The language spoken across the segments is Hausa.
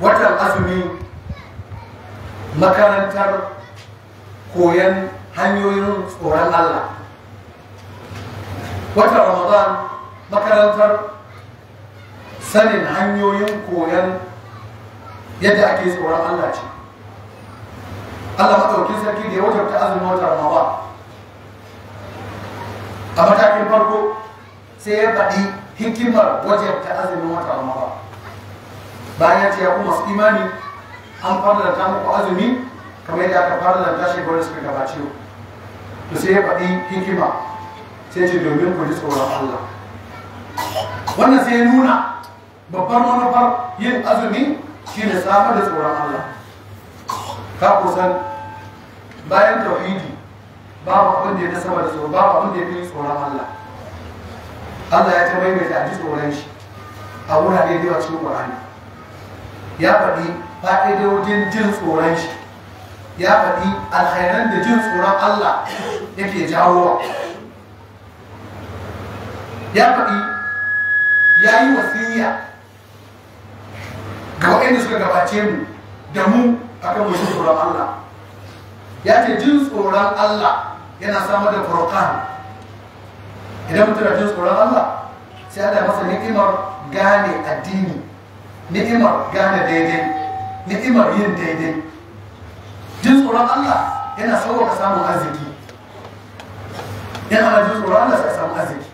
watan azumi makarantar koyon hanyoyin tsoron Allah watan ramadan makarantar sanin hanyoyin koyon yadda ake tsoron Allah ce Allah maɗauki sarki da ya ta azumin watan ramadan a matakin farko sai ya faɗi hikimar wajen ta azumin watan ramadan bayan ya ce ya kuma su imani an farlanta muku azumi kamar yadda aka da tashi gwada suka gabace ku to sai ya faɗi hikima sai ce domin ku ji tsoron Allah wannan sai ya nuna babbar manufar yin azumi shi ne samar da tsoron Allah ka kusan bayan tauhidi babu abin da ya nasaba da tsoron, babu abin da ya fi tsoron Allah Allah ya ta maimaita a ji tsoron shi a wurare da yawa cikin Qur'ani ya faɗi fa'idodin jin tsoron shi ya faɗi alkhairan da jin tsoron Allah yake jawo ya faɗi ya yi wasiya ga waɗanda suka gabace mu da mu akan mu tsoron Allah ya ce jin tsoron Allah yana samar da furqan idan mutum da jin tsoron Allah sai ana masa ni'imar gane addini ni'imar gane daidai ni'imar yin daidai jin tsoron Allah yana sauka samun arziki yana jin tsoron Allah sai samu arziki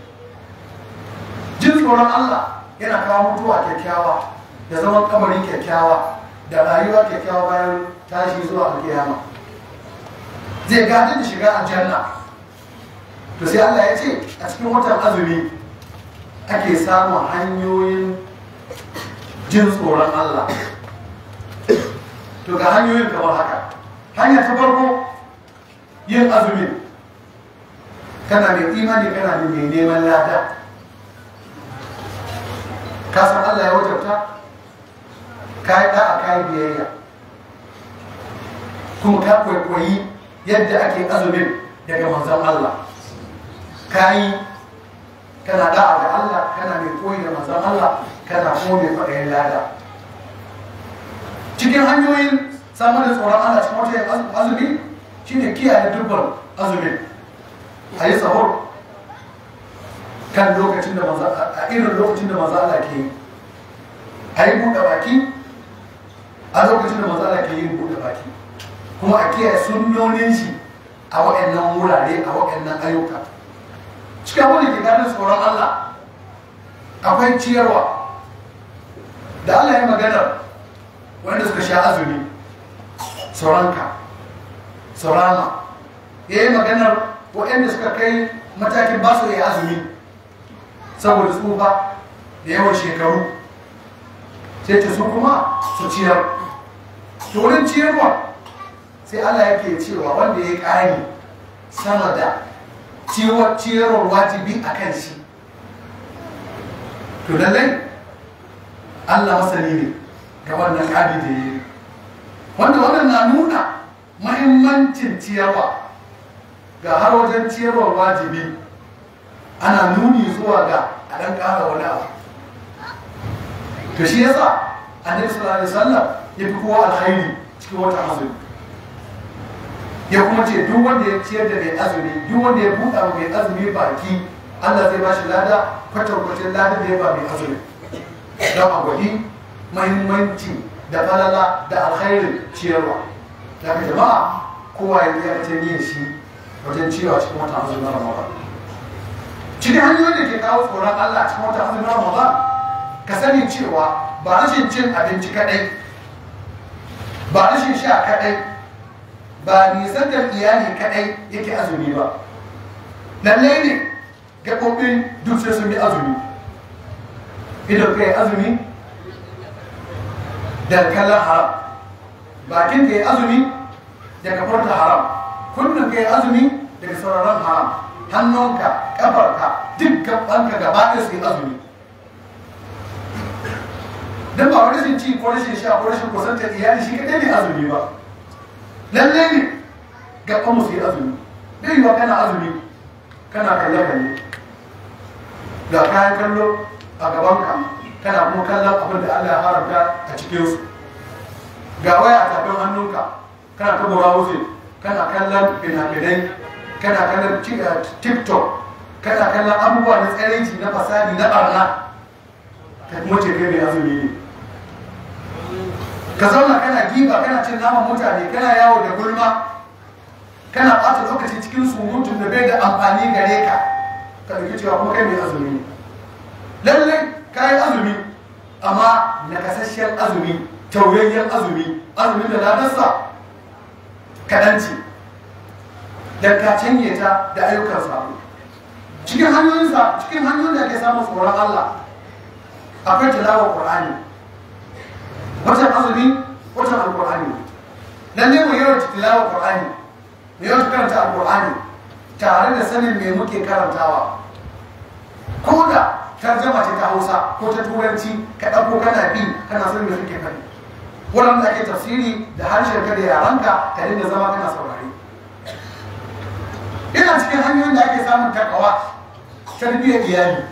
jin tsoron Allah yana kawo mutuwa kyakkyawa da zaman kamarin kyakkyawa da rayuwa kyakkyawa bayan tashi zuwa alkiyama zai gane da shiga a janna to sai Allah ya ce a cikin watan azumi ake samun hanyoyin jin tsoron Allah to ga hanyoyin kamar haka hanyar ta farko yin azumi kana mai imani kana da mai neman lada ka san Allah ya wajabta ka yi ɗa ka yi biyayya kuma ka kwaikwayi yadda ake azumin daga manzon Allah ka yi kana da'a ga Allah kana mai koyi da manzon Allah kana ko mai kwaɗayin lada cikin hanyoyin samun da tsoron Allah cikin wata azumi shine kiyaye dubban azumin a yi tsahur kan lokacin da manzon a irin lokacin da manzon Allah ke yi a yi buɗe baki a lokacin da manzon Allah ke yin buɗe baki kuma a kiyaye sunnonin shi a waɗannan wurare a waɗannan ayyuka cikin abin da ke tsoron Allah akwai ciyarwa da Allah ya magana wanda suka sha azumi sauranka tsorama ya yi maganar waɗanda suka kai matakin ba su yi azumi saboda tsufa da yawan shekaru sai ta su kuma su ciyar wurin ciyarwa sai Allah yake cewa wanda ya ƙari sama da ciyarwar wajibi a kan shi to lallai Allah masani ne ga wannan kadi da yi wanda wannan na nuna mahimmancin ciyarwa ga har wajen ciyarwar wajibi ana nuni zuwa ga a ɗan ƙara wani abu to shi yasa annabi sallallahu alaihi wasallam ya fi kowa alkhairi cikin wata azumi ya kuma ce duk wanda ya ciyar da mai azumi duk wanda ya buɗa wa mai azumi baki Allah zai ba shi lada kwatar lada da ya ba mai azumi don a gwadi mahimmanci da falala da alkhairin ciyarwa da ka jama'a kowa ya biya ta niyan shi wajen ciyarwa cikin wata na ramadan cikin hanyoyin da ke kawo tsoron Allah cikin wata na ramadan ka sani cewa ba rashin cin abinci kaɗai ba rashin sha kaɗai ba da iyali kadai yake azumi ba lalle ne gaɓoɓin duk sai sun bi azumi idan kai azumi da kallon haram bakin kai azumi daga farta haram ka kai azumi daga sauraron haram hannunka kafarka duk gabanka gaba ɗaya su yi azumi don ba wani sun ci ko rashin sha ko rashin kusantar iyali shi kadai ne azumi ba lalle ne ga kuma su yi azumi bai yiwa kana azumi kana kalle kalle ga kayan kallo a gabanka kana kuma kallon abin da Allah ya haramta a cikinsu ga waya a tafin hannunka kana ta gora wuce kana kallon fina-finai kana kallon eh, tiktok kana kallon abubuwa na tsaranci na fasadi na barna ta kuma ce kai mai azumi ne ka zauna kana giba kana cin naman mutane kana yawo da gulma kana ɓata lokaci cikin surutun da bai da amfani gare ka ka ɗauki cewa kuma kai mai azumi ne lallai ka yi azumi amma nakasasshen azumi tauyayyen azumi azumi da ladarsa kadanci da ka canye ta da ayyukan samu cikin hanyoyin da ke samun tsoron Allah akwai tilawar ƙur'ani. Wajen azumi watan alqur'ani lalle mu yawan tilawa qur'ani mu yawan karanta alqur'ani tare da sanin me muke karantawa ko da tarjama ce ta Hausa ko ta Turanci ka ɗauko kana bi kana sanin me suke faɗi wurin da ake tafsiri da harshen ka da yaranka ka dinga zama kana saurare ina cikin hanyoyin da ake samun takawa tarbiyyar iyali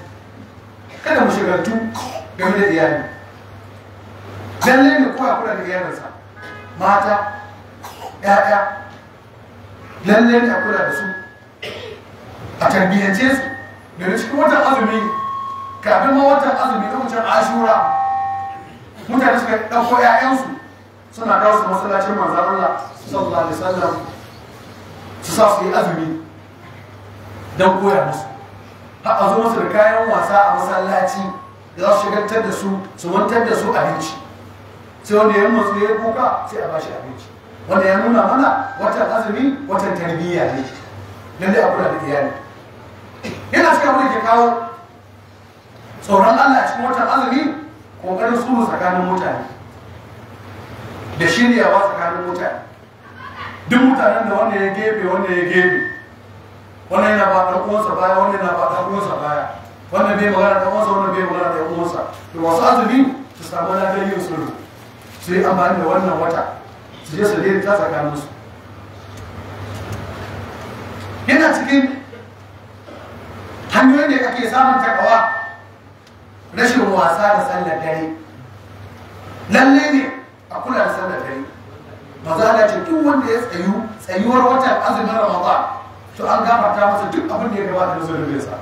kada mu shigartu game da iyali lalle ne koya kula da yaransa mata ya'ya lalle ne a kula da su a tarbiyyance su da cikin watan azumi kafin ma watan azumi ta lokacin ashura mutane suka ɗauko 'ya'yansu suna kawo su masallacin manzan Allah sallallahu alaihi wasallam su sa su yi azumi don koya musu har a zo musu da kayan wasa a masallaci da za su shigantar da su su wantar da su abinci sai wanda ya motsu ya kuka sai a bashi abinci wanda ya nuna mana watan azumi watan tarbiyya ne lalle a kula da iyali yana cikin abin da ke kawo tsoron Allah cikin watan azumi kokarin sulhu tsakanin mutane da shiryawa tsakanin mutane duk mutanen da wanda ya gefe wanda ya gefe wanda yana ba ɗan uwansa baya wanda yana ba ɗan uwansa baya wannan bai magana ta uwansa wannan bai magana ɗan uwansa to wasu azumi su samu lafiyar yin sulhu su yi amfani da wannan wata su je su daidaita tsakanin su yana cikin hanyoyin da ake samun takawa rashin wasa da sallar dare lalle ne a kula da sallar dare za a ce duk wanda ya tsayu tsayuwar watan azumin ramadan to an gafarta masa duk abin da ya gabata da zurfin sa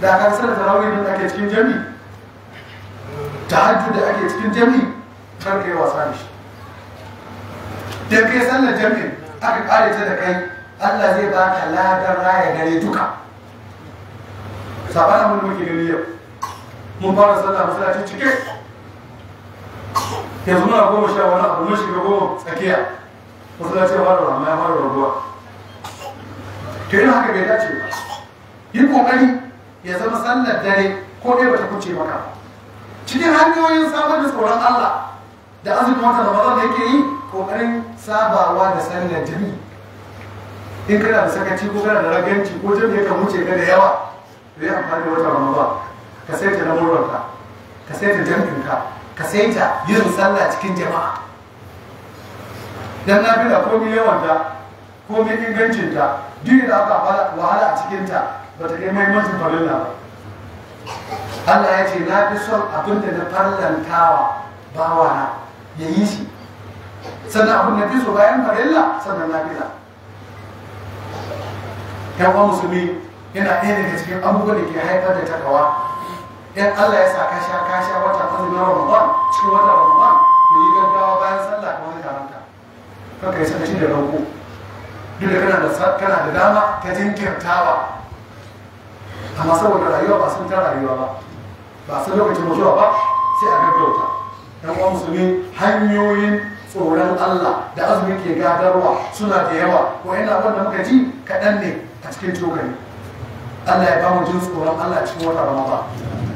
da kan da tarawih da ake cikin jami'i hajju da ake cikin jami'i kar ka yi wasa ne. shi da ke sallar jami'in aka kare ta da kai Allah zai ba ka ladar raya gare duka sabana mun muke gani yau mun fara sallah masallacin cike yanzu muna goma sha wani abu mun shiga goma tsakiya masallaci ya fara rama ya fara rabuwa to yin haka bai dace ba yi kokari ya zama sallar dare ko dai bata kuce maka cikin hanyoyin samar da tsoron Allah da azumin wata ramadan da yake yi kokarin sabawa da sallar jami in kana da sakaci ko kana da raganci ko jami'i ya wuce ka da yawa to yi amfani da wata ramadan ka saita na murarka ka ka saita jami'inka ka saita yin sallah cikin jama'a dan na bila ko yawan yawanta ko ingancin ingancinta duk da aka wahala a cikinta ba ta kai muhimmancin farilla ba Allah ya ce na fi son abinda na farlantawa bawana ya yi shi sannan abin da fiso bayan farilla sannan na fila yawan musulmi yana ɗaya daga cikin abubuwan da ke haifar da takawa Yan allah ya sa ka sha ka sha wata azumin ramadan cikin wata ramadan ka yi gaggawa bayan sallah ka wani karanta ka yi sakaci da ranko duk da kana da kana da dama ta jinkirtawa amma saboda rayuwa ba sun ta rayuwa ba ba sun lokacin mutuwa ba sai a gaggauta yan uwa musulmi hanyoyin tsoron Allah da azumin ke gadarwa suna da yawa ko yana da muka ji kaɗan ne a cikin cokali Allah ya ba mu jin tsoron Allah cikin wata ramaba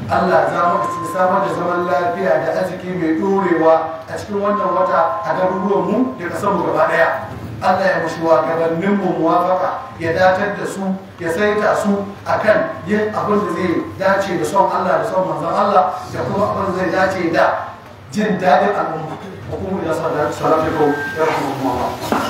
Allah za mu samar da zaman lafiya da arziki mai ɗorewa a cikin wannan wata a garuruwan mu da kasar mu gaba ɗaya Allah ya mushi wa gabanin mu muwafaka ya datar da su ya saita su a kan yin abin da zai dace da son Allah da son manzon Allah da kuma abin da zai dace da جن دائم الأمة وقوموا إلى صلاة صلاتكم يرحمكم الله